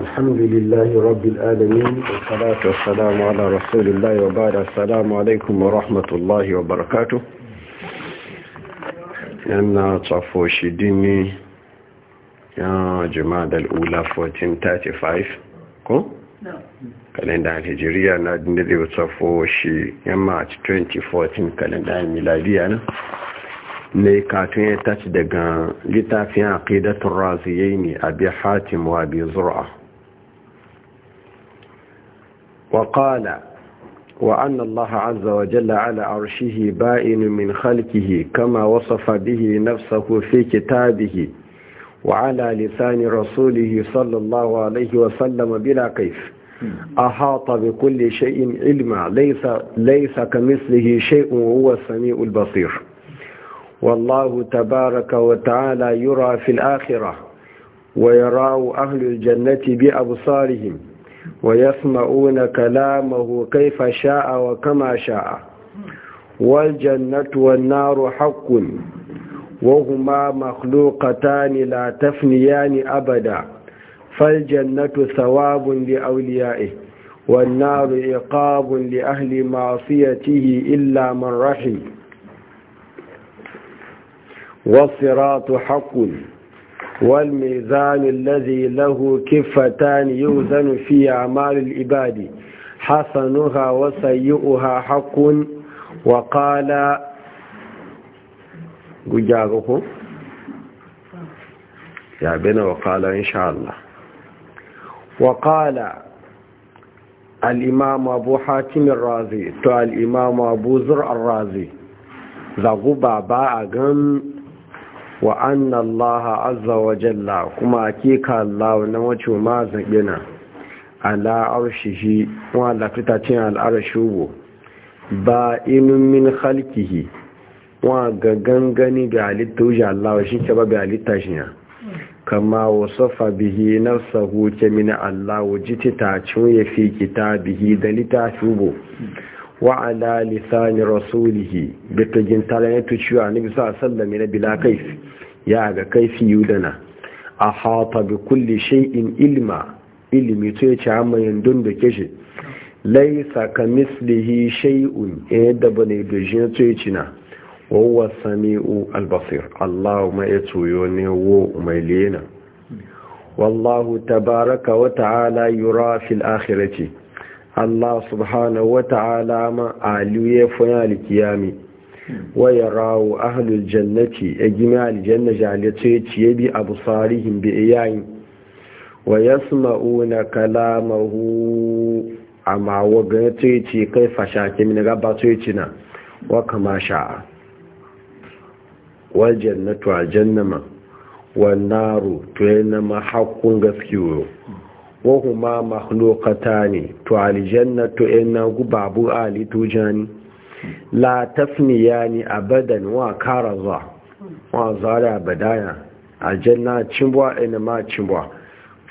الحمد لله رب العالمين والصلاة والسلام على رسول الله وبعد السلام عليكم ورحمة الله وبركاته أنا صفو شديني يا جماعة الأولى 1435 كو؟ kalenda hijiriya na dinde da tsafo 2014 kalenda miladiya na ne katun ya tashi daga littafin aqidatul raziyaini abi hatim wa abi zur'a وقال وأن الله عز وجل على عرشه بائن من خلقه كما وصف به نفسه في كتابه وعلى لسان رسوله صلى الله عليه وسلم بلا كيف أحاط بكل شيء علما ليس, ليس كمثله شيء وهو السميع البصير والله تبارك وتعالى يرى في الآخرة ويراه أهل الجنة بأبصارهم ويسمعون كلامه كيف شاء وكما شاء والجنة والنار حق وهما مخلوقتان لا تفنيان أبدا فالجنة ثواب لأوليائه والنار عقاب لأهل معصيته إلا من رحم والصراط حق والميزان الذي له كفتان يوزن في أعمال العباد حسنها وسيئها حق وقال جاغكم يا بنا وقال إن شاء الله وقال الإمام أبو حاتم الرازي تو الإمام أبو زرع الرازي ذا غبا باء wa anna allaha azza wa jalla kuma ka allah na wace ma zaɓina ala arshihi wa la fitacin al'arshubu ba inu min halkihi wa ga gangani da halitta wuce allah shi ke ba bi halitta shi ya kama wasafa bihi sahu, ke min allah jiti ta cin ya fi kita bihi da littafi wa ala lisani rasulihi da tagin talayen tuciwa na bisa sallami na bila kaifi ya ga kaifi yudana a hata bi kulli shai'in ilma ilimi to ya ci amayin don da kishi laisa ka shai'un shay'un eh, yadda bane da shi to ya ci na wawa sami'u albasir allahumma ya tsoyo ne wo mai lena wallahu tabaraka wa ta'ala yura fil akhirati allah subhanahu wa ta'ala ma aliyu ya fi alkiyami waya rawo ahalul jannati ya gimi aljanna jalice ya ciye bi abu sarihin bi iyayin wa yasma'una kalamahu amma waga ta yi ce kai fashake mini gaba ta yi cina wa kama sha'a wal jannatu aljannama wan naru to yana ma hakkun gaskiyo wa huma ne, to to aljannatu inna gubabu ali tujani la tasniya ni abadan wa karaza wa zara badaya a janna cimbwa ina ma cimbuwa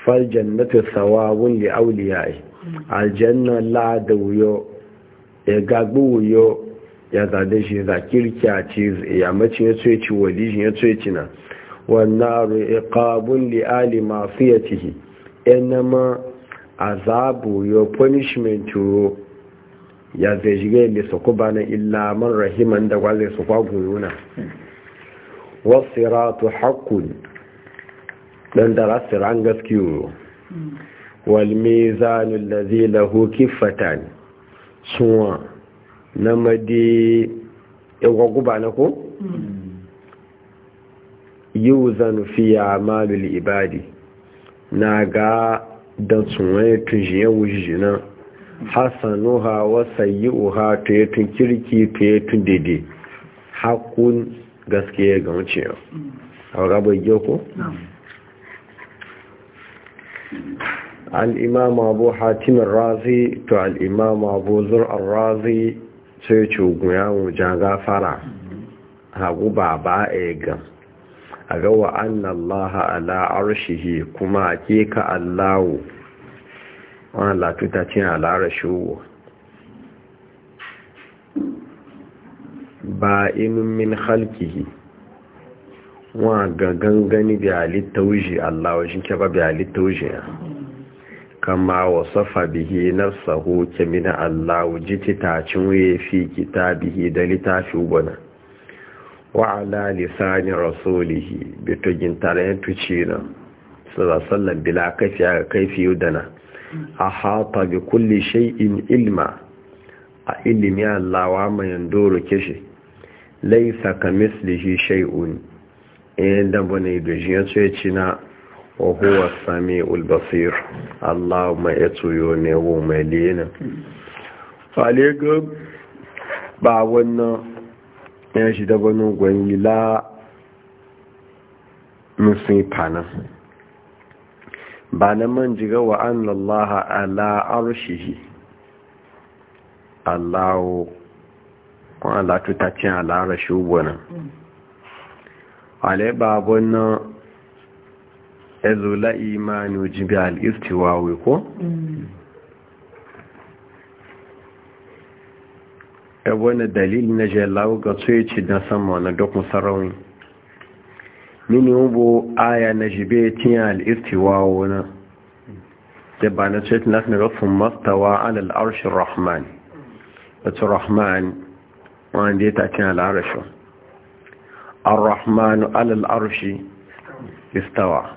fal jannatu sawawun li awliyai aljanna la da wuyo ya gagbe wuyo ya zade shi za kirki a ci ya mace ya tsoye ci wadi shi ya tsoye ci na wannan iqabun li ali masu ya ina ma azabu yo punishment yo ya zai shiga yadda su kuba na illa man rahiman da kwa su kwagun nuna wasu wasiratu hakun ɗan da ran gaskiyo wal mizanu allazi lahu kifatan suwa na madi yawa guba na ku. yi wuzan fi malul ibadi na ga da tun wani tunjiyen hasanuha wa sayyuha to tun kirki to ya tun hakun gaskiya ga wuce. a mm. ko al-imam abu hatimin razi to al-imam abu zur'ar razi sai cugun yawon janga fara mm. hagu ba ba a yi a gawa ala arshihi kuma a ka allahu ta latuta na lara shugo ba imin min halkihi wọn gangan gani bi halitta wuji Allah wajen ba bi halitta wuji ya kama wasafa bihi na nafsahu kemina Allah wuji titacin wuye fi ta-bihi da littafi ugwana wa ala lisani rasulihi bitogin tarayen tuci na sallallahu alaihi wasallam bila kaifi ga kaifi yudana a hata bi kulli shay'in ilma a ilimi Allah wa mai doro kishi laisa ka mislihi shay'un in da bane da ya cina, wa huwa sami'ul basir Allah ma ya ne wo mai lena fale ba wannan ya shi da banu gwanila musin ba na man jiga wa an lallaha ala arshihi allahu kuma latu ta cin ala rashi ubuwanan ale babon e na ezula imanu jibi al'istiwawe ko? ebe wani dalil na jelawo ga tsoye ci don na dokun sarauni mini ubo aya na jibe tiya al'istiwa wani da ba na cikin latin rufin mastawa alal arshin rahman wata rahman wanda ya takin al'arashi ar-rahman alal arshi istawa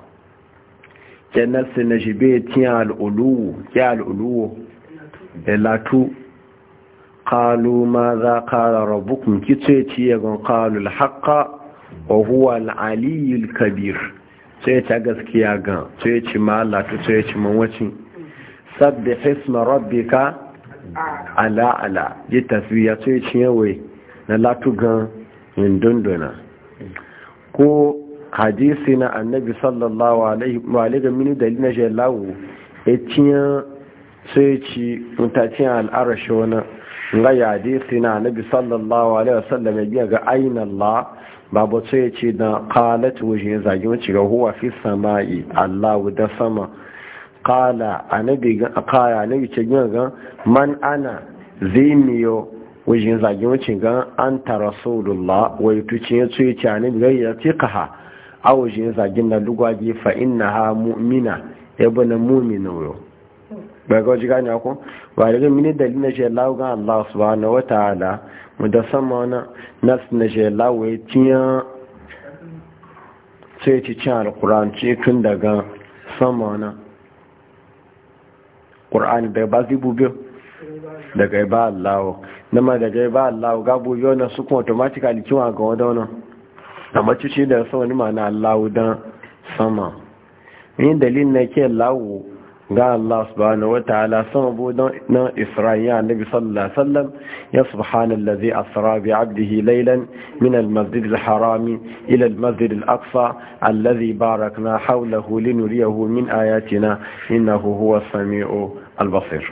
kenan sai na jibe tiya al'uluwu ya al'uluwu da latu kalu ma za kara rabukun kice ciye gun kalu al-haƙa wa huwa al kabir sai ta gaskiya ga sai ci ta sai ci mawaci sabbi hisma rabbi ka ala'ala ya tasbiya sai ci yawai na latu ga indunduna ko hadisi na annabi sallallahu alaihi wa alihi minu dalil na ya etiyan sai ci mutacin al'arashi wani ga hadisi na annabi sallallahu alaihi wasallam ya ga ainihin Allah babu sai ya ce na kalat wajen ya zagi wacce ga huwa fi sama'i allahu da sama kala a nabi kaya na wuce gina ga man ana zimiyo wajen zagi wacce ga an ta rasulullah wai tuci ya tsoye ce a nabi ga ya ce ha a wajen zagin na lugwaje fa inna ha mu'mina ya na mu'mina yau ba ga wajen gani ako ba da mini dalilin shi allahu ga allah subhanahu wa ta'ala Muda sama na nas na jelawai tiyan sai ci tun daga daga ba zibu biyu daga allawo daga allawo na su kuma automatically kiwa ga da macici da sama ni ma na allawo don sama yin dalilin na ke ga Allah subhanahu wa ta'ala sama bu na Isra'iya Nabi sallallahu alaihi wasallam ya subhanallazi asra bi 'abdihi laylan min al-masjid al-haram ila al-masjid al-aqsa alladhi barakna hawlahu linuriyahu min ayatina innahu huwa as-sami'u al-basir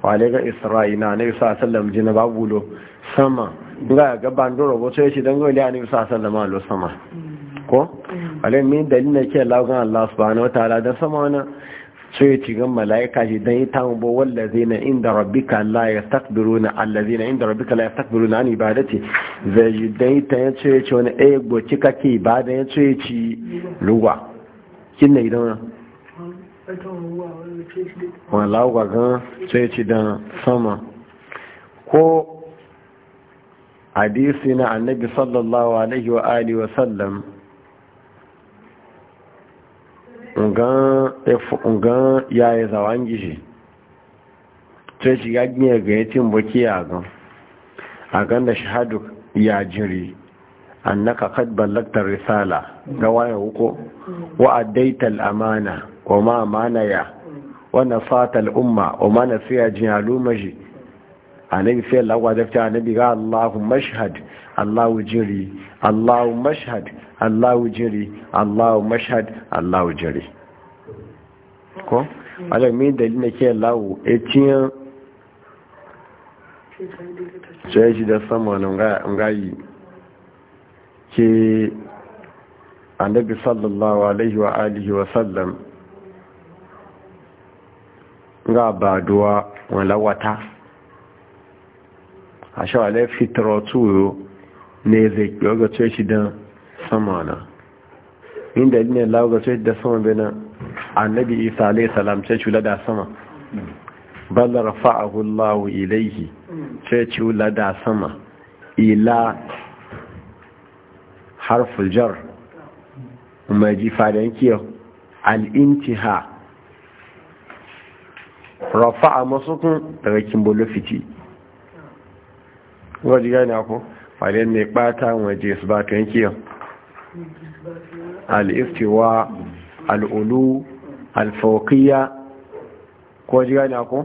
wa alayka Isra'ina Nabi sallallahu alaihi wasallam jina babulo sama ga ga bandoro wato yace dan gole Nabi sallallahu alaihi wasallam lo sama ko mm. alai min dalilin ke lawan Allah subhanahu wa ta'ala da sama wannan sai ya gan mala'ika shi don yi tamu ba zai na inda rabbika la ya takbiru na allazi na inda rabbika la ya takbiru na an ibadati zai yi don yi ta ya ce ce wani ɗaya gboci kake ibada ya ce ci ruwa kin na idan wani wani lagwa gan sai ci don sama ko hadisi na annabi sallallahu alaihi wa alihi wa sallam ngan e ya yi e zawon gishi sai shi ya gina e ga yatin baki a gan a gan da shahadu ya jiri annaka kad ballakta risala ga waya huko wa addaita al'amana wa ma amana ya wa nasata al'umma wa ma nasiya jiyalu mashi anabi sai Allah wa dafta anabi ga Allahu mashhad Allahu jiri Allahu mashhad Allahu jiri Allahu mashhad Allahu jiri ko ala min dalilin da ke Allahu etiyan sai shi da sama nan ga yi ke anabi sallallahu alaihi wa alihi wa sallam ga baduwa wala wata a shawale fitratu ne zai ga shi don sama na inda ne lawa ga da sama bena annabi isa alayhi salam ce shula da sama bal rafa'ahu allah ilayhi ce shula da sama ila harful jar mai ji fadan kiyo al ha, rafa'a masukun daga kimbolo fiti waje gani ku falen mai bata waje su ba ta yankiyar al-istiwa al-ulu al-fawqiyya ko ji gani ku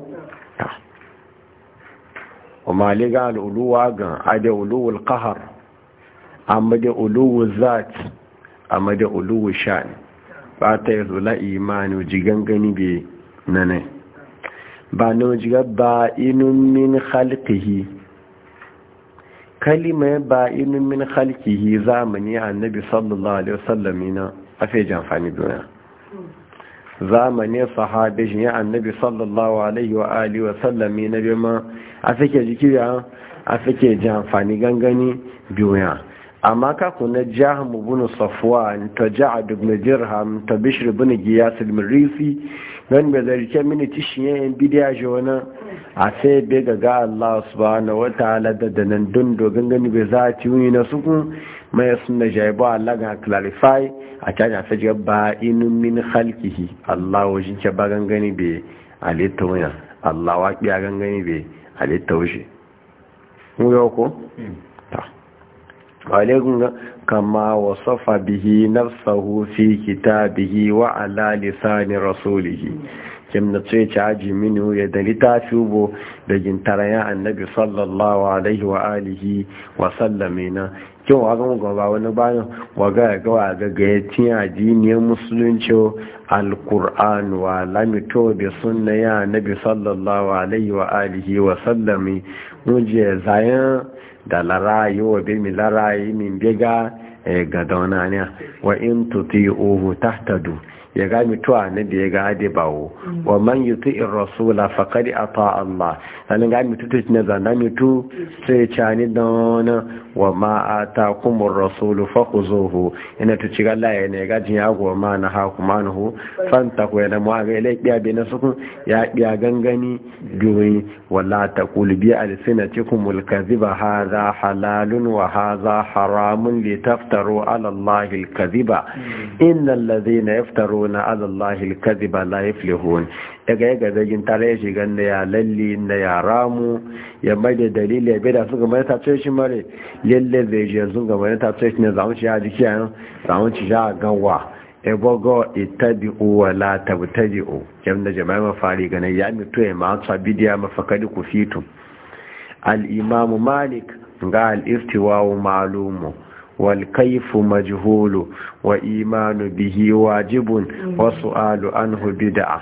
kuma liga al-uluwa ga ada uluwul qahar amma da uluwul zat amma da uluwul shan ba ta yi zula imani jigangani bi nanai ba nan jigar ba inu min khalqihi kalima ba inin min halkihi zamani annabi sallallahu alaihi wasallam na afe jamfani duniya zamani sahabe shi annabi sallallahu alaihi wa alihi wasallam na bima a sake jiki ya a sake jamfani gangani duniya amma kafin na jahamu bunu safuwa ta duk na jirham ta bishiru bunu giya silmin mirisi nan me da rike mini ya en bidiya wani a sai bai ga ga Allah na wata ta'ala da nan dun dogon gani bai za ci yi na suku mai sunna jaibu Allah ga clarify a ta ja fa ba inu min halkihi Allah wajin ke ba gangani bai alitta waya Allah wa kiya gangani be alitta wuce mu yau ko hmm. ta alaikun kama wasafa bihi nafsahu fi kitabihi wa ala lisani rasulihi kim na tsaye ci aji mini ya da littafi ubo da gintaraya annabi sallallahu alaihi wa alihi wa sallame na kin wa ga mugan ba wani bayan wa ga ga wa ga ga yatin addiniyar musulunci alquran wa lamito bi sunna ya annabi sallallahu alaihi wa alihi wa sallame mun je zayan da larayi wa bi larayi min biga eh, gadauna ne wa in tuti uhu tahtadu ya ga mutuwa na da ya ga hade bawo mm. wa man yutu in rasula faqad ata Allah sanin ga mutu ta zan zanda mutu sai cani don wa ma atakumur rasul fakhuzuhu ina ta ci galla ya ne ga jin ya go ma na ha kuma na hu fanta ko yana mu ga ile biya bi na suku ya biya gangani doyi wala taqul bi alsinatikum alkaziba hadha halalun wa hadha haramun litaftaru ala Allah alkaziba mm. innal na yaftaru yaftaruna ala allahi alkadhiba la yuflihun daga yaga zagin tare ya shiga na ya lalli na ya ramu ya mai da dalili ya da su gama ta ce shi mare lalle zai je yanzu gama ta ce shi ne mu shi ya jiki Za mu shi ya gawa e bogo ta wa la tabtaji'u da jama'a mafari gana ya mito ya ma bidiya mafakadi ku fito. Al'imamu malik ga al-iftiwa ma'lumu والكيف مجهول وإيمان به واجب وسؤال عنه بدعة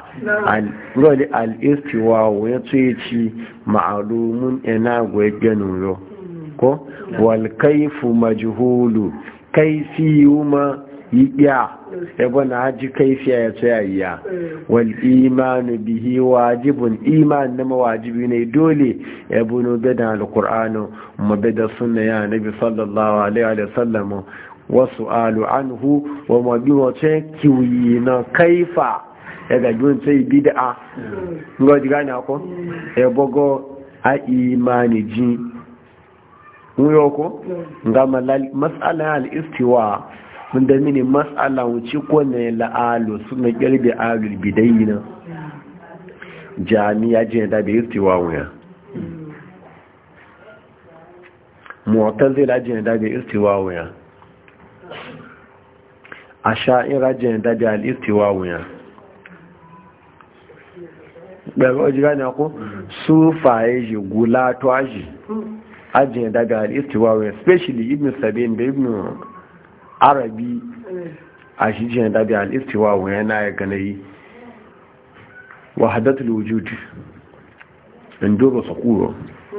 الاستواء ويتيتي معلوم إنا ويجنو والكيف مجهول كيف كيفيما yi iya yabo na haji kaifiya ya tsayayya wal imanu bihi wajibun iman na mawajibi ne dole ya bunu bada alkur'anu ma bada sunna ya nabi sallallahu alaihi wa sallam wasu alu anhu wa ma bi wace kiwi na kaifa ya gajiyon sai bid'a ga ji gane ko ya bogo a imani ji ko? ga al-istiwa mun da mini mas'ala wuce ko ne la'alu suna kirbi alul bidayi na jami'a jini da bai istiwa wuya mu'tazila jini da bai istiwa wuya asha'ira jini da bai al-istiwa wuya gbẹ̀rọ ọjíra ni ọkún su faye gùlá tó ájì ajìyàn dábẹ̀ al-istiwa wuya especially ibn sabin da ibn arabi a shi jiya dabi al'istiwa wa yana ya gane yi wa haddatul wujudi in duba sakuro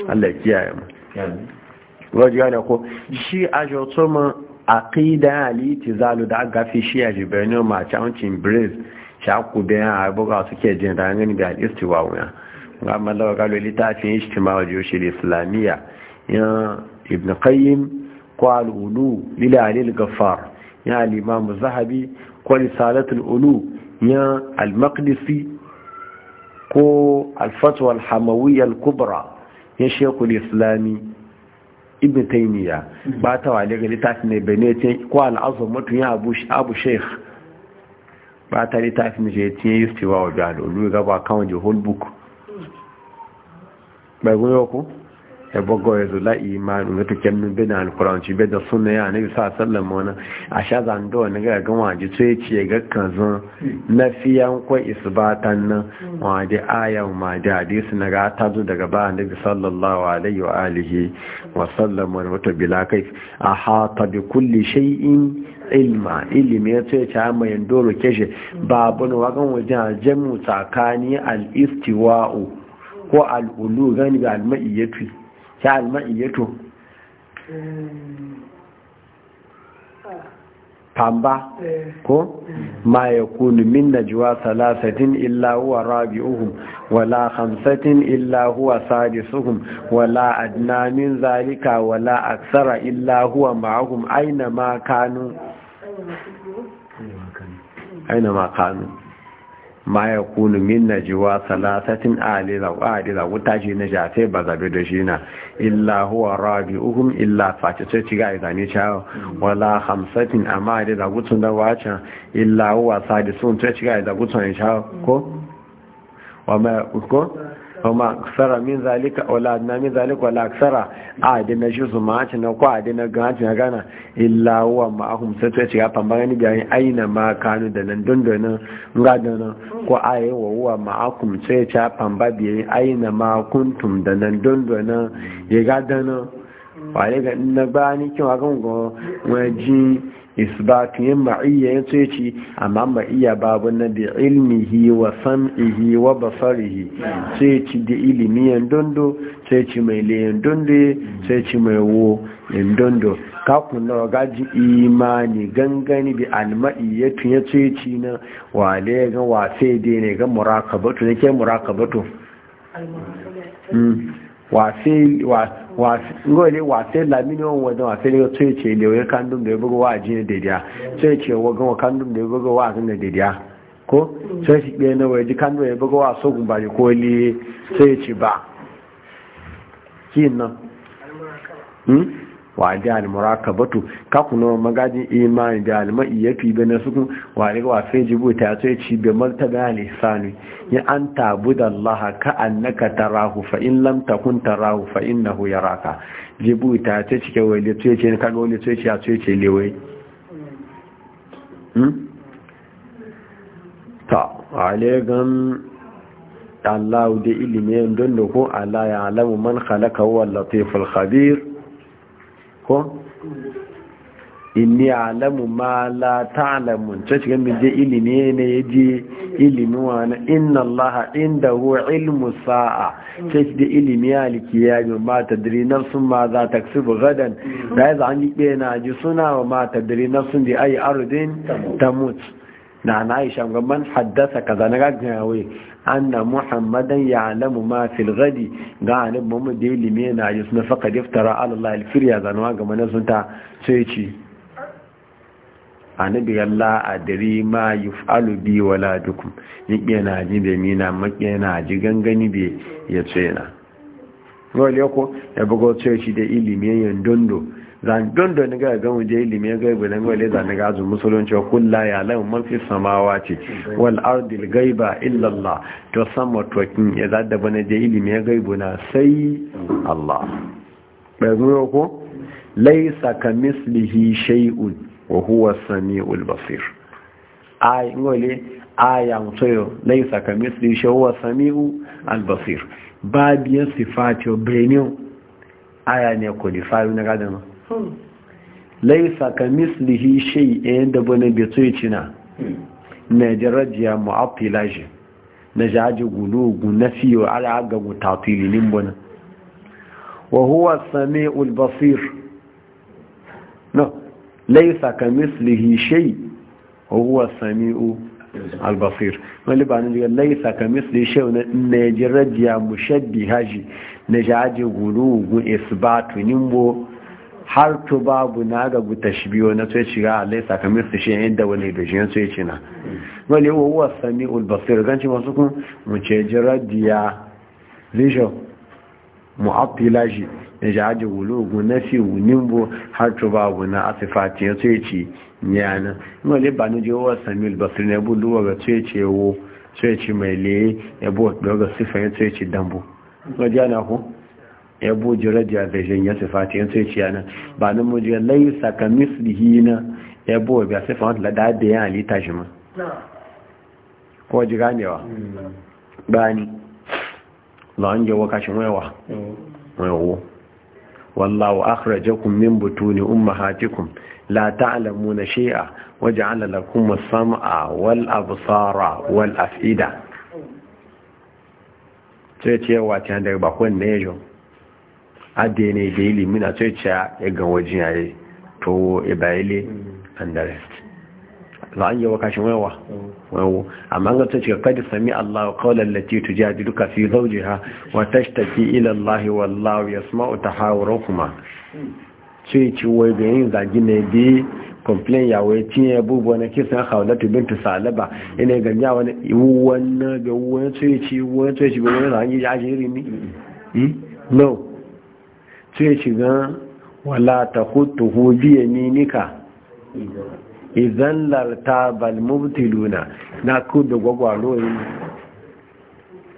Allah kiyaye mu wajen yana ko shi a jotso ma aqida aliti zalu da aka fi shi a jibenin ma cancin brace shaku bayan abubuwa suke jin da rangani da al'istiwa wuya ga malawa galo littafin ishtimawa jiyoshin islamiyya yan ibn qayyim Ko kwal'ulu lilalil gafar ya limamu zahabi ko risalatul ulu ya al-maqdisi ko al-fatwa al-hamawiyya kubra ya shekul islami ibn taymiya hmm. ba ta wale ga litafi ne bane ce ko al-azum mutun ya abu abu sheikh ba ta litafi ne ce ya istiwa wa bi al-ulu ga ba kawai whole book bai goyo ko ya bogo e zula imanu na tuken min bin alkuranci be da sunna ya nabi sa sallama wana a sha zando wani ga ga waji to ya ce ga zan na fiyan ko isbatan nan da aya ma da hadisi na ga ta zo daga ba nabi sallallahu alaihi wa alihi wa sallam wa wata bila kai a hata bi kulli shay'in ilma ilimi ya ce ta mai doro keshe babu ne wagan wajen jamu tsakani al-istiwa'u ko al-ulu gani ga al-ma'iyyatu ta almaiyato famba ko ma ya kunu min najwa salasatin illa huwa uhun wala hamsatin illa huwa suhun wala adna min zalika wala aksara illa huwa ma'ahum aina ma kanu aina ma kanu ma ya kunu min na jiwa salasatin alila wuta ji na jafai ba zabe da shi na illa huwa rabi uhum illa face sai ci ga izani cawo wala hamsatin amma alila gutsun da wacan illa huwa sadisun sai ci ga izagutsun ya cawo ko? wa ma ko? kuma aksara min zalika wala na min zalika wala aksara a da na shi su maci na kwa da na gaci na gana illa wa ma ahum sai ta shiga pambara ni bayan aina ma kanu da nan dundunan ga da nan ko aye wa wa ma akum sai ta pamba biyan aina ma kuntum da nan dundunan ya ga da nan wale ga na ba ni kin wa gungo go waji isbatun ma'iyya ya ce ci amma ma'iyya babu na da ilmihi wa sam'ihi wa basarihi sai ci da ilimiyan dondo sai ci mai leyan dondo sai ci mai wo in dondo kakuna gaji imani gangani bi alma'iyyatu ya ce ci na wale ga wafe dai ne ga murakabatu ne ke murakabatu ngole wasai lamini wani wadda wasai daga tsoye ce da wani kandun da ya buga wa ajiyar daidiya tsoye ce wa kandun da ya buga wa ajiyar daidiya ko tsoye ce ɗaya na waje kandun ya buga wa sogun ba da koli tsoye ce ba nan wa muraka batu. ka kuno magajin imani da almai iya fi na sukun wa ne wa sai jibu ta ya ci bi martaba alisani ya an tabuda Allah ka annaka tarahu fa in lam takun tarahu fa innahu yaraka jibu ta ce cike wai da ce ce ka ga wani ce ya ce ce lewe ta alegan Allah da ilimin don da ko Allah ya alamu man khalaka wa latiful khabir ko inni alamu ma la ta'lamun ta shiga min je ilimi ne je ilimi wani inna Allah hu ilmu sa'a ta shiga ilimi liki ya yi ma tadri sun ma za ta gadan da ya zan yi na ji suna wa ma tadri sun da ayi ardin tamut na na aisha ga man haddasa kaza na gaggawa anna muhammadan ya'lamu ma fil ghadi ga annabi muhammad da ilimi yana yi suna faqad iftara ala allah al firya zanwa ga manazun ta sai ce annabi yalla adri ma yuf'alu bi wala dukum yake na ji da na, make na ji gangani be ya ce na wale ko ya bugo sai shi da ilimi yan dondo zandon don ga ga wuje ilimi ya ga dan wale za niga azu musulunci wa kullu ya lahu man fi samawati wal ardi al ghaiba illa Allah to sama to kin ya da da bana je ilimi ga ga na sai Allah ba zo ko laysa kamislihi shay'un wa huwa samiul basir ay ngole aya mtoyo laysa kamislihi shay'un wa samiu al basir babiyan sifati o brenio aya ne ko difaru na gadana Hmm. laisa ka mislihi shay'in da bane bi cina na jarajiya mu'attila shi na jaji gulugu na fiye ala ga gutatili limbona wa huwa same ulbasir no laisa ka mislihi shi wa huwa sami'u al wani ba ne laisa ka mislihi shi na jarajiya haji na jaji gulugu isbatu nimbo har to babu na ga guta shi biyo na sai shiga alai sakamir su shi yadda wani da shi sai ce na wani wa huwa sami'ul basir ganci masu kun mu ce jiradiya lisho mu'attila shi ya ji haji wulugu na fi nimbo har to babu na asifati ya sai ce yana wani ba ni je huwa sami'ul basir ne bu luwa ga sai ce wo sai ce mai le ya bu ga sifa ya sai ce dambu wajen na ku ya buji radiya da jin ya sifati yan sai ciya nan ba nan muji laisa ka mislihi na ya bo biya sifa wata da da ya halitta shi ma ko ji ganewa bani la an je waka shi wayawa wayawo wallahu akhrajakum min butuni ummahatikum la ta'lamuna shay'a waja'ala lakum as-sam'a wal absara wal af'ida sai ce wace daga bakon ne yau adda ne da yi mina to ya ce ya ga wajen yayi to ya bayile and the rest za a yi wa kashin wayawa wayawo amma ga ta ce kadi sami Allah qawlan lati tujadiluka fi zawjiha wa tashtaki ila Allah wallahu yasma'u tahawurakuma sai ci wai ga yin zagi ne bi complain ya wai tinye abubuwa na kisan haulatu bintu salaba ina ga ya wani wannan ga wani sai ci wani sai ci ga wani zagi ya jiri ni hmm? no sai shiga wala ta kutu hujiye minika idan larta balmubtiluna na kudu gwagwaro yi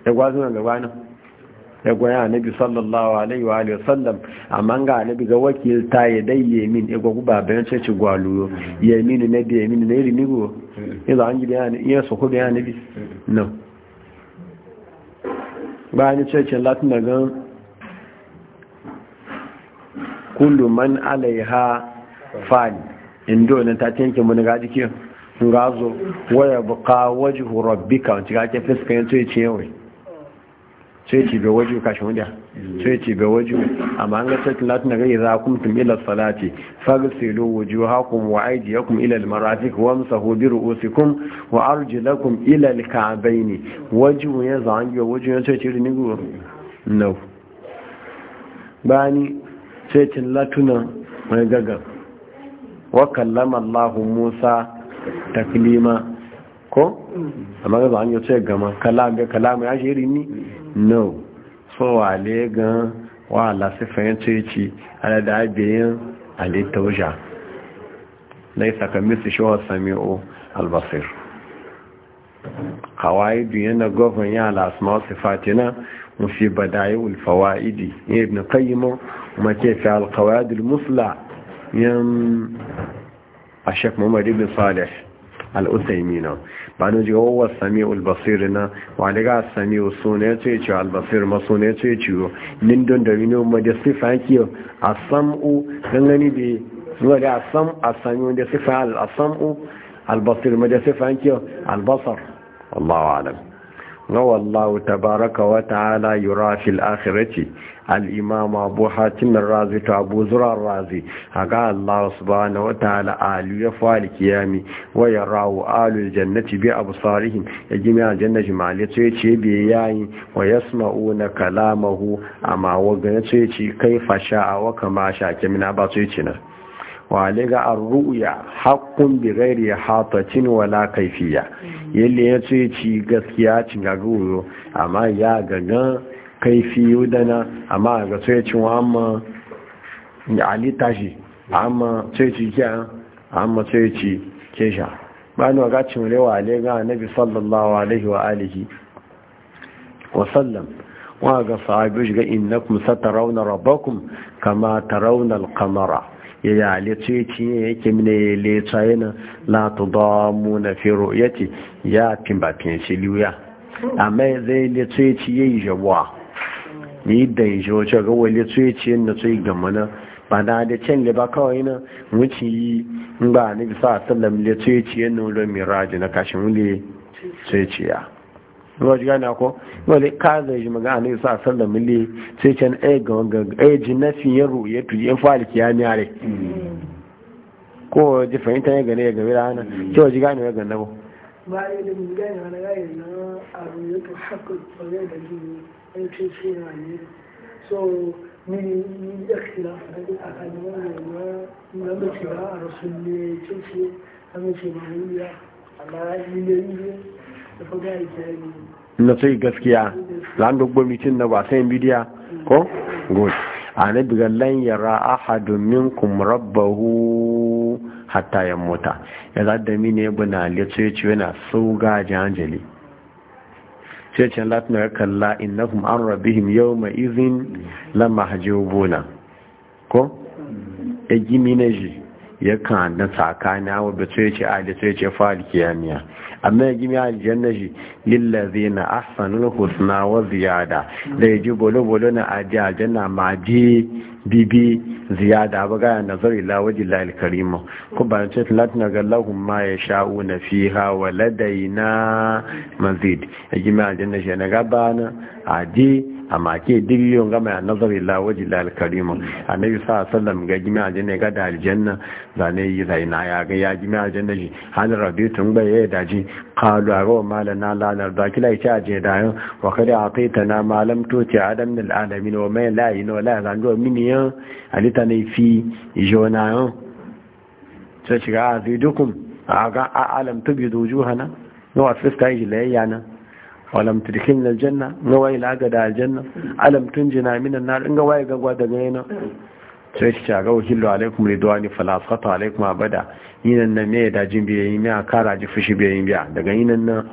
ya gwazo na ya gwaya nabi sallallahu alaihi wa alihi amma ga nabi ga wakil ta ya dai yamin gwagu baban ce ci ya kullu man alaiha fan indo ne ta tinke mun ga ga zo waya buqa wajhu rabbika wanti ga ke fiska yanto yace yawai sai ci be ka shi wanda sai ci be wajhu amma an ga sai tilat na gaira kum tum ila salati fagsilu wujuhakum wa aydiyakum ila almarafiq amsahu bi ru'usikum wa arjulakum ila alka'bayn wajhu ya zangi waju ya sai ci ni go no bani sai latunan mai gagan wa kallama Allah Musa taklima ko amma ga an ce gama kalamai kalamai ya shiri ni no so wa legan wa la ceci ala da biyan ale tawja laysa kamithli shawar sami'u al-basir قواعد ينا غوفن يا الاسماء والصفات ينا وفي بدائع ne ibn قيم mace fi alkawadul musla yan a shek muhammad ibn salih al'usaimina ba na ji wawa sami albasir na wani ga sami wasu ya ce ciwo albasir masu suna ya ce ciwo nin don da rino ma da sifa a sam'u don gani zuwa da a a sami wanda sifa albasir ma albasar Allah alam na ta baraka wa ta'ala yura fil akhirati al imam abu hatim razi ta abu zura razi aga allah subhanahu wa ta'ala alu ya fali kiyami wa rawu alu jannati bi absarihim ya jami'a jannati mali to yace bi yayi wa yasma'una kalamahu amma wa ga yace kai fasha'a wa kama sha kimina ba to na wale ga arru'ya haƙƙun bi gairi hatacin wala kaifiya mm. yalle ya ce ci gaskiya ci ga goro amma ya gaga kaifi dana amma ga sai ci wa amma ali tashi amma sai ci kiya amma sai ci kesha bani wa gaci mure wale ga nabi sallallahu alaihi wa alihi wa sallam wa ga sahabi ga innakum satarawna rabbakum kama tarawna al-qamara ya halittu ya ci ya yake mine ya ya na latu ba mu na fero ya ce ya timba finci liya amma zai letu ya ci ya yi jabuwa ni da yi jawo ce ga wale tu ya ci yin na tsoyi gama na ba na da can le ba kawai na wuce yi in ba na bisa sallam letu ya ci yin na wule na kashin wule tu ya ci ya roji gane ko wale ka zai ji maga ne sa san mili sai can ai ga wanga ai ji na fi ruye tu are ko ji fahimta ne ya gabe waji ya gane ba a ruye da ya na sai gaskiya zan dogbo mitin na wasan bidiya ko good annabi ga lan yara ahadun minkum rabbahu hatta mota ya mini mine buna le ce ce yana sauga janjali sai ce latin ya kalla innahum an rabbihim yawma idhin lamahjubuna ko e gimi ji ya kan da tsakani awa da sai ce ali sai ce fa'al kiyamiya amma ya gimi aljanna shi lillazina ahsanul husna wa ziyada da ya ji bolo bolo na adi aljanna ma ji bibi ziyada ba ga nazar ila waji la alkarima ko ba ce latina ga lahun ma ya sha'u na hawa ladai ladaina mazid ya gimi aljanna shi na gabana adi amma ke dilliyon gama ya nazari la waje la alkarimu annabi sa sallam ga gimi aljanna ga da aljanna zane yi zaina ya ga ya gimi aljanna shi hal rabitun bai ya daji a rawar ma na la da kila ita je da yan wa kada ataitana ma lam tuti adam lil alamin wa ma la ino la zanjo miniyan alita ne fi jona yan sai shiga azidukum aga alam tubidu juhana no asista yi layya nan walam tudkhilna aljanna nga waye laga da aljanna alam tunjina minan nar nga waye gagwa daga yana sai shi ta ga wakilu alaikum ridwani fala asqata alaikum abada yinan nan me da jin biye yin ya kara ji fushi biye yin biya daga yinan nan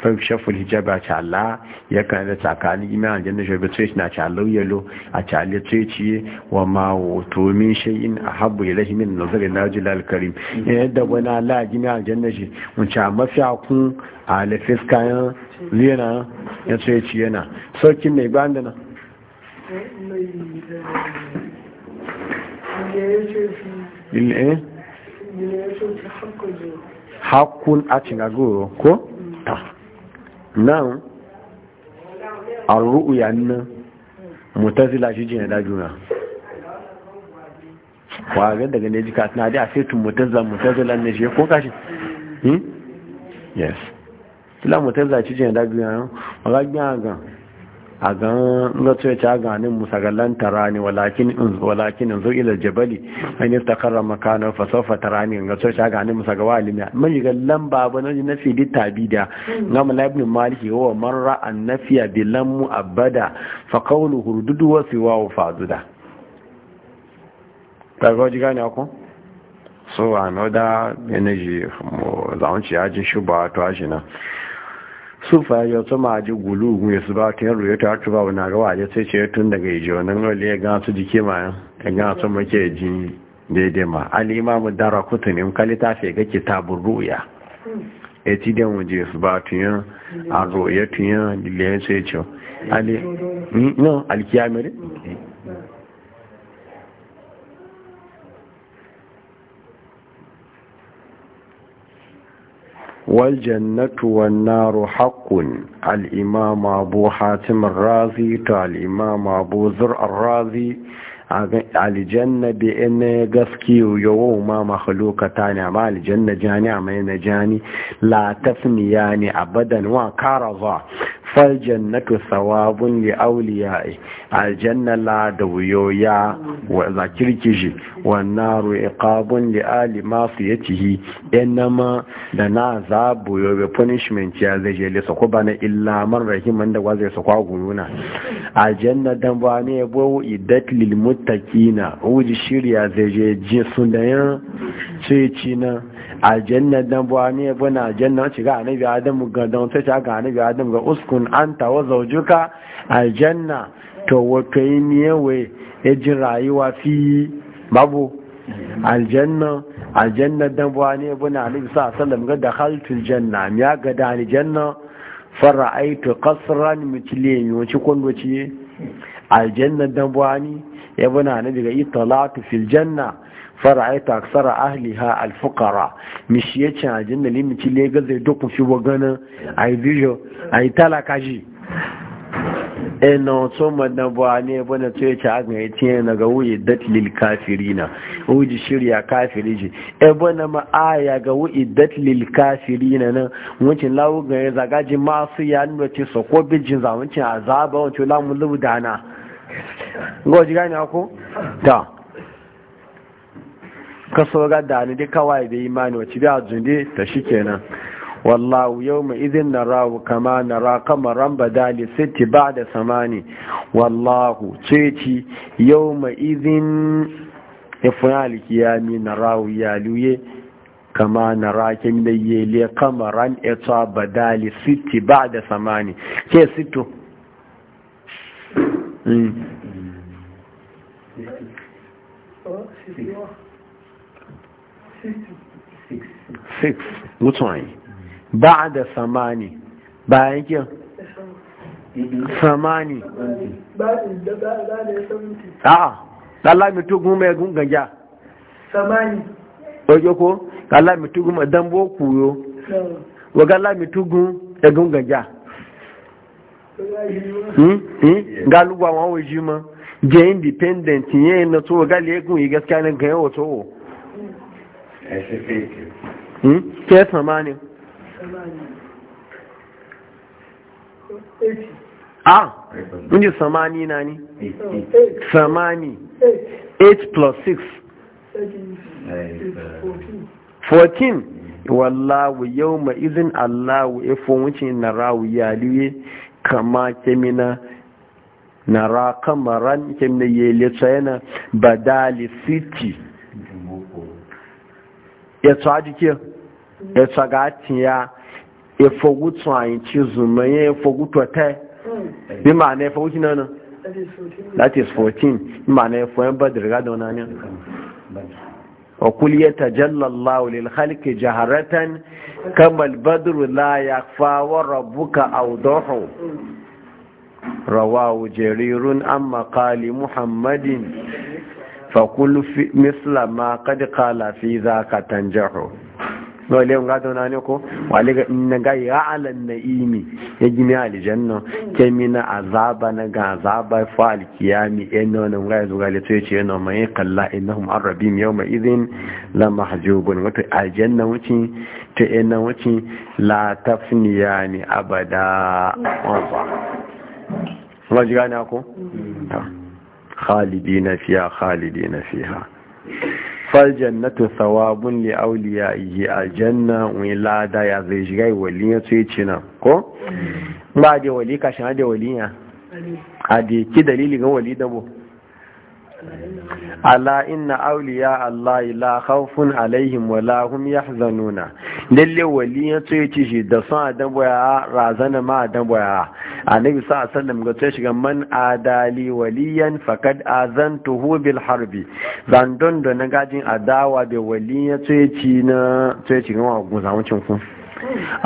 fa shaful hijaba cha Allah ya kan da tsakani ina aljanna shi ba sai na cha Allah yalo a cha Allah sai ci wa ma wato min shay'in ahabbu ilayhi min nazari najil alkarim da wani Allah jin aljanna shi mun cha mafiya kun alafis kayan liyana ya ce ci yana sarki mai banda na eh? hakun a agogo ko? ta nan a ru'uya nan mutazila shi jina da juna kwagar daga ne jika na da a fetun mutazila mutazila ne shi ko kashi? Hmm? yes filamu ta zaci jin da biyu yan magagin agan agan nga tsoye ta agan ni musagallan tarani walakin in walakin in zo ila jabali an yi takarra makana fa sofa ni nga tsoye ta agan ni musagawa alimiya man yi gallan babu na na fi dita bidiya nga mu laibni maliki wa man ra'an nafiya bi lam abada. fa qawlu hurdudu wasu, siwa wa fazuda ta ga ji gane ko so another energy zaunci yajin shuba to ajina sufa ya su ji gulu mai su ba ta yin ruwa ta haka ba wani ga ya sai ce tun daga ije wannan wale ga su jike ma ya su muke ji daidai ma alimamu dara kutun in kalita ta fi ga ta ruya ya ci da wuje su ba ta a ruwa ta yin liliyan sai ce ali hmm, no والجنة والنار حق الإمام أبو حاتم الرازي الإمام أبو زرع الرازي aljanna bi in gaski yawo ma makhluka tani amma aljanna jani amma yana jani la tasmiya ne a Badan karaza faljannatu sawabun li auliyai aljanna la da wuyoya wa zakirki wa naru iqabun li ali masu ya cihi ma da na yobe punishment ya zai je lesa ko bana illa man rahiman da wazai su kwagu yuna aljanna dan ba ne bo iddat lil muttaqina uji shirya zai je jin da yan ci na aljanna dan buwa ne bana janna ci ga annabi adam ga dan ta ci ga annabi adam ga uskun anta wa zawjuka aljanna to wato yi ne we ya e ji rayuwa fi babu aljanna aljanna dan bo ani bana annabi sallallahu alaihi wasallam ga dakhaltu aljanna ya ga da aljanna fara'aitu qasran mithli yuci kondo ci aljanna dan bo ani ya e bana annabi ga italatu fil janna fara'aita aksara ahliha alfukara mishi ya ci ajin da limiti legas zai dokun fi wa ganin e a yi bijo a yi talaka ji ina so madabuwa ne bane to ya ci aka yi tiye na ga wuyi datlil kafiri na wuji shirya kafiri ji e ya bane ma aya ga wuyi datlil kafiri na nan wancin lawu ga ya zagaji masu ya nuna ce ko bijin zamancin azaba wancin lamun lubu dana ga wajen gani ako ta kaso ga da ni dai kawai bai imani wacce da ajunde ta shi kenan wallahu yawma idhin narahu kama nara qamaran badali sitti ba'da samani wallahu ceci yawma idhin ifnal kiyami narahu yaluye kama nara kin da yele qamaran ita badali sitti ba'da samani ke sitto mm. 6 mutuwai ba da samani bayan kyan samani a'a Allah mitugun mai gunganja samani ojo ko Allah mitugun mai dambo kuyo waga Allah mitugun ya gunganja hmm? hmm? ga lugba wọn wajen ma independent yin na to waga legun yi gaskiya na ganyen wato Hmm? ke samanin a kunji samani na ni samani 8 plus 6 14 wallawu yau ma izin allahu efo wuce na rawu yaliye kama kemina na ra kamaran kemina yelisa yana badali city ya tsawa jikin ya tsaga tiya ya fogu tsayin ci zuma ya fogu tote bi ma na ya fogu kina nan that is 14 ma na ya fogu ba da riga da wani ne wa kul ya tajalla Allah lil khalqi jaharatan kama al badru la yakfa wa rabbuka awdahu rawahu jarirun amma qali muhammadin fakul misla ma kad qala fi zaka tanjahu no le nga dona ne ko wale ga inna ga ya ala naimi ya gimi aljanna ke mina azaba na ga azaba fa alkiyami enno ne nga zo ga le to ce no mai kalla innahum arabim yawma idhin la mahjubun wato aljanna wuci ta enna wuci la tafniyani abada wa ba wajiga na ko mm. khalidina fiha khalidina fiha fal jannatu thawabun li awliyaihi aljanna wa lada ya zai shiga waliya sai ce nan ko ba da wali ka shan waliya a da ki dalili ga wali dabo ala inna auliya Allah la khawfun alaihim wa la hum yahzanuna lalle waliyan to ci shi da son adan boya razana ma adan boya annabi sa sallam wasallam ga to shiga man adali waliyan faqad azantuhu bil harbi zan don don gajin adawa da waliyan to ci na to ci ga wa gun zamuncin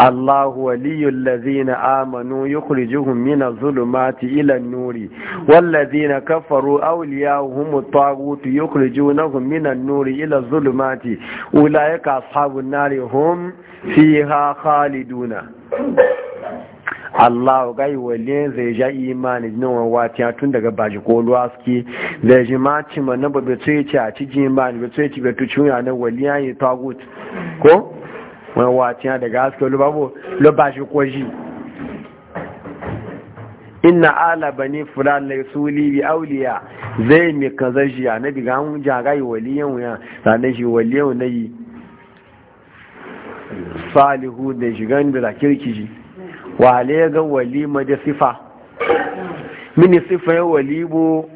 الله ولي الذين آمنوا يخرجهم من الظلمات إلى النور والذين كفروا أولياؤهم الطاغوت يخرجونهم من النور إلى الظلمات أولئك أصحاب النار هم فيها خالدون Allah yi waliyan zai ja imani nan wawatiya tun daga baji ko suke zai ji maci ma na babe tsoye ce a cikin imani babe tsoye ce bai tuci wuya na ya yi tagut ko wọn wà tí a daga haske ló bá shi ko shi inna ala bani fulan la yusuli bi awliya zai mi kaza shi ya nabi ga hun ja ga waliyan ya sanan shi waliyan na yi salihu da shigan da kirki shi wa ya ga walima da sifa mini sifa ya walibo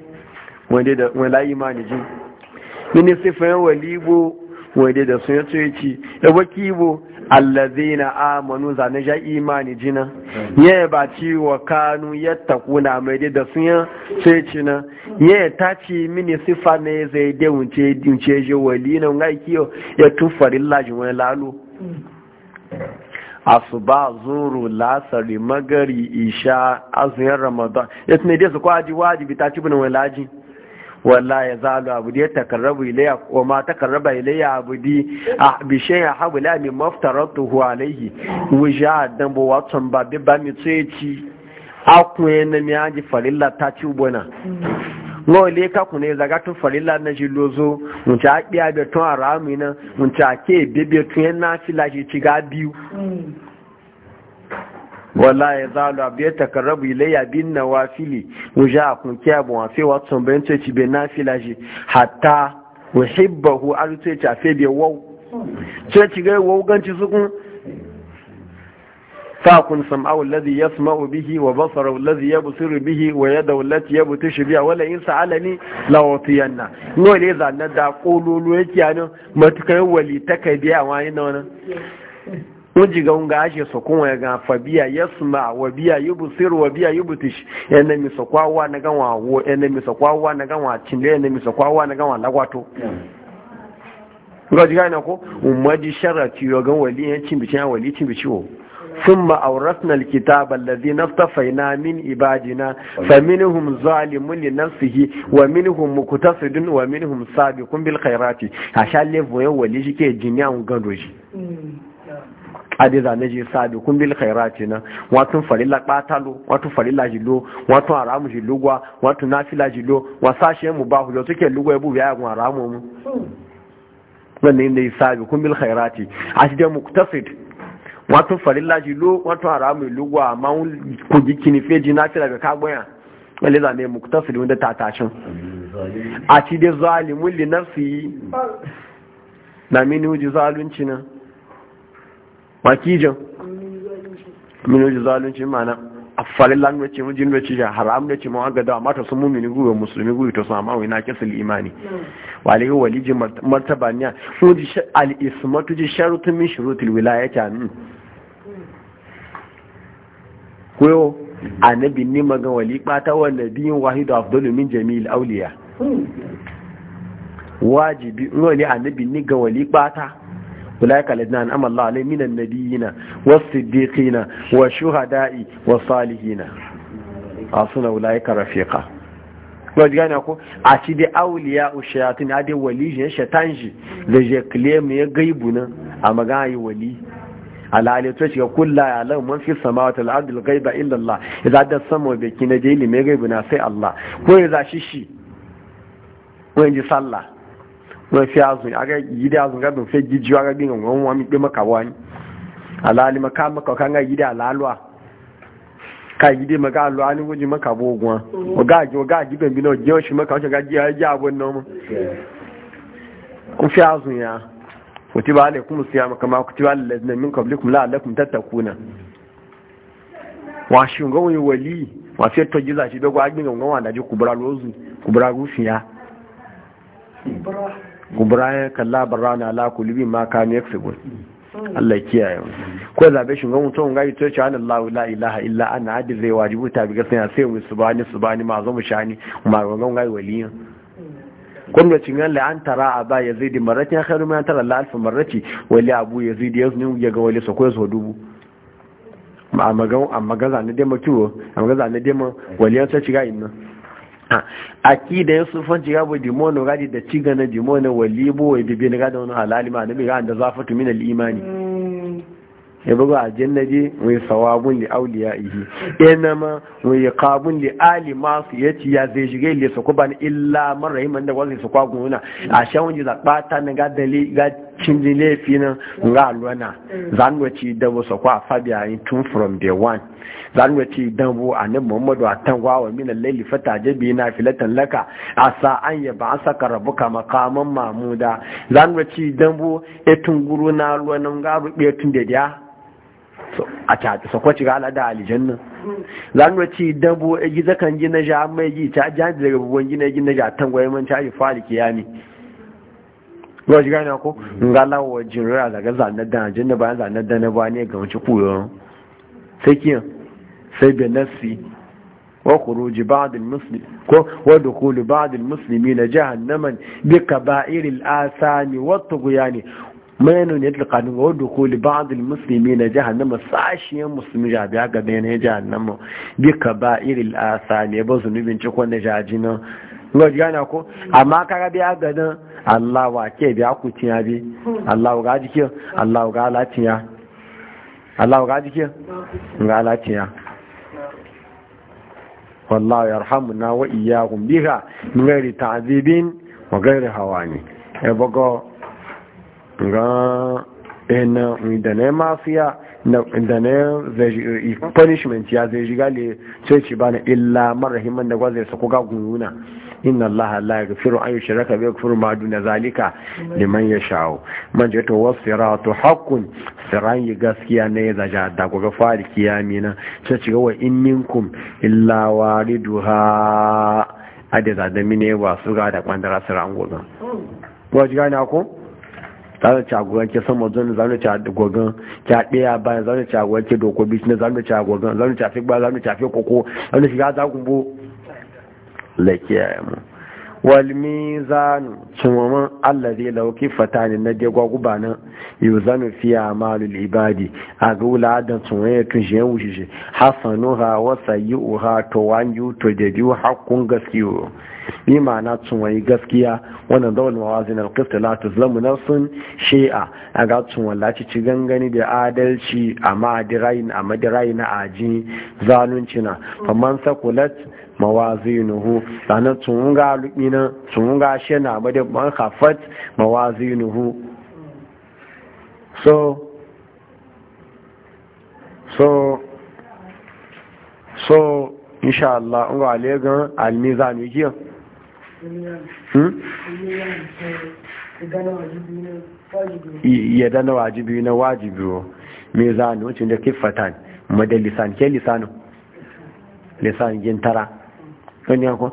wanda da wala imani ji mini sifa ya walibo wadda da sun yato ya ci da wakibo bo allazi na amanu zane ja imani jina hmm. ya ba ci wa kanu ya takuna mai da sun ya ce ci na ya ta ci mini sifa ne zai da wunce je wali na nga kiyo ya tufari lajin wani lalo hmm. asuba zuru lasari magari isha azuyin ramadan ya ne dai su kwaji wajibi ta ci bin wani laji walla ya zalu abudi ya takarrabu ilayya wa ma takarraba ilayya abudi a bi shay habu la min maftaratuhu alayhi wuja dan bo watan ba bi ba mi tsoyeci akun na mi aji farilla ta ci ubona no le ka ne zaga tun farilla na ji lozo mun ta biya da tun aramu na mun ta ke bebe tun na fila shi ci ga biyu mm. wala ya zalu abiyar takarrabu ya bin nawafili wuja a kun kiya bu wafe watson bayan ce ci bai nafila shi hatta wahibbahu aru ce ci a fe bai wau ce ci gai wau ganci sukun فأكن سمعه الذي يسمع به وبصره الذي يبصر به ويده التي يبتش بها ولا إن سألني لأعطينا نقول إذا ندى قولوا لك يعني ما تكون ولي تكي بها وعينا oji ga unga ashe so kuma ya ga fabiya ya suma wa biya yi busiru wa biya yi butish ene mi so kwawa na ga wa wo ene mi so kwawa na gawa wa cinde ene mi so kwawa na ga wa lagwato ga ji ga na ko ummadi sharati yo ga wali ya cin bi cin wali cin bi ciwo summa awrasna na alladhi naftafayna min ibadina faminhum zalimun li nafsihi wa minhum muqtasidun wa minhum sabiqun bil khairati ashalle voye wali shike jinya ungandoji hmm. ade na je sadu kun bil khairati na watun farilla patalo watun farilla jilo watun haramu jilo gwa watun nafila jilo sashe mu ba hulo suke ya ibu ya gun haramu mu wannan ne sabi kun bil khairati aside muktasid watun farilla jilo watun haramu lugwa amma ku jikini ji nafila ga kagboya wale ne muktasid wanda ta tashin, a ci dai zalimun li nafsi na mini wuji zalunci na wakijan wajen zalunci mana a farin lanwace mujin da cija haram da ce ma ga dawa mata sun mumini gube musulmi gube to sun amma na kisul imani wale ga waliji martaba niya ko ji al ismatu ji sharutun min shurutul wilayati an ko annabi ne maga wali bata wanda biyun wahidu afdalu min jamil awliya wajibi ne annabi ne ga wali bata أولئك الذين أنعم الله عليهم من النبيين والصديقين والشهداء والصالحين أصنع أولئك رفيقا wajen gane ko a ci da auliya ushayatin a da wali ya shaitan shi da je ya gaibu nan a magana yi wali alhali to shiga kulla ya lau man fi sama wata al'adul gaiba illa Allah ya za da sama da gaibu na sai Allah ko ya shi shi ko ji sallah wani fi azun aga gida azun ga bin fi gijiyo aga bin wani wani ɗi maka wani alali maka maka ka ga gida alaluwa ka gida maka aluwa ni wuji maka boguwa waga ji waga ji bin bin ojiyo shi maka wancan gaji ya ji abun nomu kun fi azun ya kutiba alaikum siyama kama kutiba lillazina min qablikum la'allakum tattaquna wa shi ngawon wali wa fi to giza shi dogo agbin ngawon da ji kubra lozu kubra rufiya kubra gubrayen kalla barana ala kulubi ma kanu yaksubun Allah kiyaye mu ko zabe shi gamu tun gayi to cewa Allah la ilaha illa ana adi zai wajibu ta bi gaskiya sai mu subhani subhani ma zo mu shani ma gamu gayi waliyin kun da cin Allah an tara a ba yazidi marati khairu min tara Allah alf marati wali abu yazidi yazni ya ga wali sako so dubu amma ga amma ga zanne dai mu kiwo amma ga zanne dai mu waliyan sai shiga inna aki da yasu fanci ya bu dimono gadi da ci gana dimono walibo wai bibi na gadi wani halali ma na ga da zafatu min na limani hmm. ya bugu a jannaji mai sawabun li auliya ihi ina ma yi kabun da ali masu ya ci ya zai shiga le su kuban illa man himar da wani su kwa guna a shan wani zaɓata na gadali cinji ne fina nga alwana zan wace dabo sa kwa fabia in tun from day one zan wace dabo ane muhammadu atan gwawa mina al fata fatajabi na filatan laka asa an ya ba asa karabuka maqaman mamuda zan wace dabo etun guru na alwana nga rubi tun da dia a caji sakwaci ga al'ada aljanna za mu ci dabo e gizakan gina ja mai yi ta jaji daga bubuwan gina gina ja tangwaye man yi fari yani yau ji gane ko nga lawa jinrara daga zanen da ajin da bayan zanen ba ne ga wancan koyo sai kiyan sai bi nasi wa khuruji ba'd al ko wa dukhul ba'd al-muslimin jahannaman bi ni al-asami wa tughyani mayanu ne da kanin wa dukhul ba'd al-muslimin jahannama sashiyan muslimi ja biya ga hannaman bí bi iri al ni ba zunubin cikon ko amma Allah wa ke biya ku tiya bi Allah ga jike Allah ga latiya Allah ga jike ga latiya wallahu yarhamuna wa iyyakum biha min ghairi ta'zibin wa ghairi hawani e bogo ga en da ne mafiya da ne punishment ya zai jigale sai ci bana illa marhiman da gwaze su ko ga gununa inna الله لا يغفر an يشرك به ويغفر ما دون zalika liman يشاء man جاءت وصراط حق haqqun siran yi gaskiya ne da ja da go fari kiyami na ce wa in illa wariduha ade da wa su ga ci agogon ke sama zanu ci agogon ki ɗaya bayan zanu ci agogon ke doko bishi na ci agogon zanu ci afi gba zanu ci afi koko zanu shiga zagun bo la kiyaye mu wal mizanu cimaman allazi law kifata ne na je gwaguba nan yuzanu fi malu ibadi a ga wuladan tsoye tun je wuce hasanuha wa sayyuha to wanju to da biyu hakkun gaskiyo bi ma'ana tsoye gaskiya wannan dawal mawazin alqist la tuzlamu nafsun shi'a a ga tsoye lati ci gangani da adalci a madirain a na aji zalunci na faman sakulat mawazinuhu sannan tunga lukina tunga shena na bada ban hafat mawazinuhu so so so insha Allah ungo alegan almizan yake hmm ya dana wajibi na wajibi o, mizan wucin da kifatan madalisan ke lisanu lisan gintara wani yakon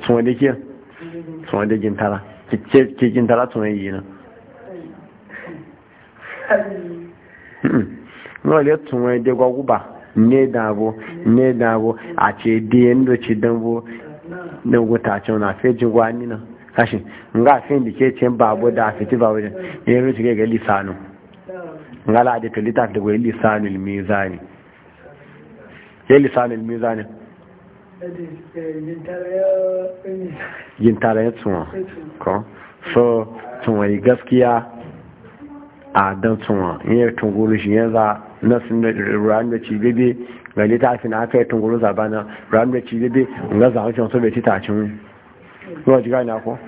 tsohon da kiyar tsohon da gintara ke gintara yi na hmm. N'o le tun da gwaguba ne dabo ne dabo a ce diya da ci dambo don guta ce na fejin gwani na kashi nga fi da ke ce babu da fiti babu da ya yi rufe ga lisanu nga la'adata littafi da gwai lisanul mizani ya lisanul mizani yin tare ya tsuwa ko so tsuwa yi gaskiya a don tsuwa in yi tunguru shi yin za na sun da ruwan da ci bebe ga littafin aka yi zaba na ruwan da ci bebe ga zahuncin so bai ci tacin ruwa ji gani ko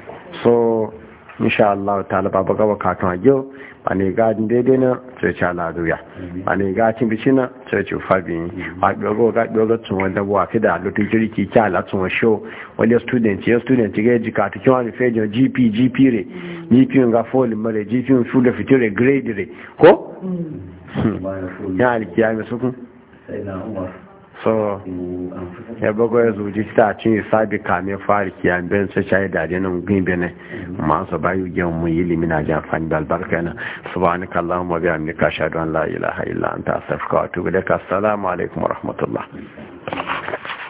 so insha Allah ta'ala baba a yau ba ne gadin daidai na sai ce ba ne gacin bici na sai fabi a dogo ga dogo tun wanda buwa ke da lutu jirki ki ala tun wa show wani student ya student ga ji ka tukin wani fejin gp gp re gp ga folin mare gp su da fitire grade re ko hmm. ya sai na umar so ya bago ya zuji ta cin sabi kame fari kiyan ben sai shayi da jina mun bene ma so bayu gen mu yili mina su fan dal barka na subhanaka allahumma ni amrika ashhadu an la ilaha illa anta astaghfiruka wa atubu ilaik assalamu alaikum wa rahmatullah